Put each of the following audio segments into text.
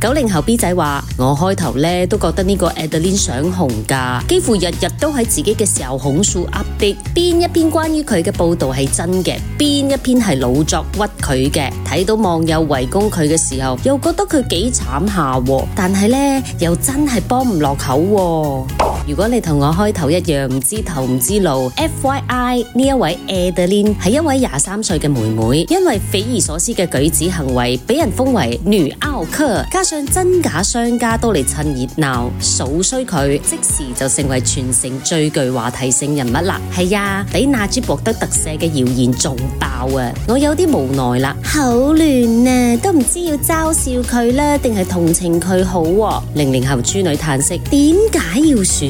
九零後 B 仔話，我開頭咧都覺得呢個 Adeline 想紅噶，幾乎日日都喺自己嘅小紅書 update，邊一篇關於佢嘅報道係真嘅，邊一篇係老作屈佢嘅。睇到網友圍攻佢嘅時候，又覺得佢幾慘下，但係咧又真係幫唔落口。.如果你同我開頭一樣，唔知頭唔知路，F Y I 呢位 Adeline 係一位廿三歲嘅妹妹，因為匪夷所思嘅舉止行為，俾人封為女 outcast，加上真假商家都嚟趁熱鬧數衰佢，即時就成為全城最具話題性人物啦。係啊，比那珠博德特赦嘅謠言仲爆啊！我有啲無奈啦，好亂啊，都唔知道要嘲笑佢呢定係同情佢好，啊？零零後豬女嘆息：點解要選？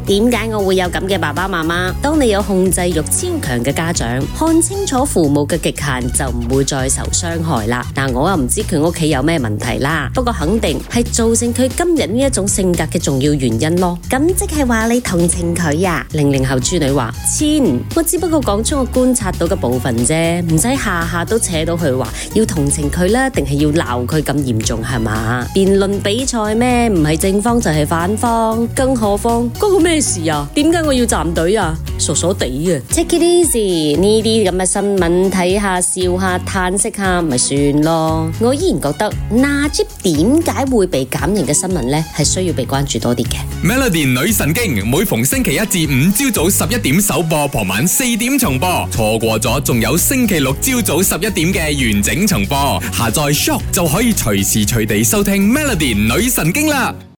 點解我會有咁嘅爸爸媽媽？當你有控制欲超強嘅家長，看清楚父母嘅極限就唔會再受傷害啦。嗱、呃，我又唔知佢屋企有咩問題啦，不過肯定係造成佢今日呢一種性格嘅重要原因咯。咁即係話你同情佢呀？零零後豬女話：，千，我只不過講出我觀察到嘅部分啫，唔使下下都扯到佢話要同情佢啦，定係要鬧佢咁嚴重係嘛？辯論比賽咩？唔係正方就係反方，更何況咩事啊？點解我要站隊啊？傻傻地啊！Take it easy，呢啲咁嘅新聞睇下笑下嘆息下咪算咯。我依然覺得納吉點解會被減刑嘅新聞呢，係需要被關注多啲嘅。Melody 女神經每逢星期一至五朝早十一點首播，傍晚四點重播。錯過咗仲有星期六朝早十一點嘅完整重播。下載 Shock 就可以隨時隨地收聽 Melody 女神經啦。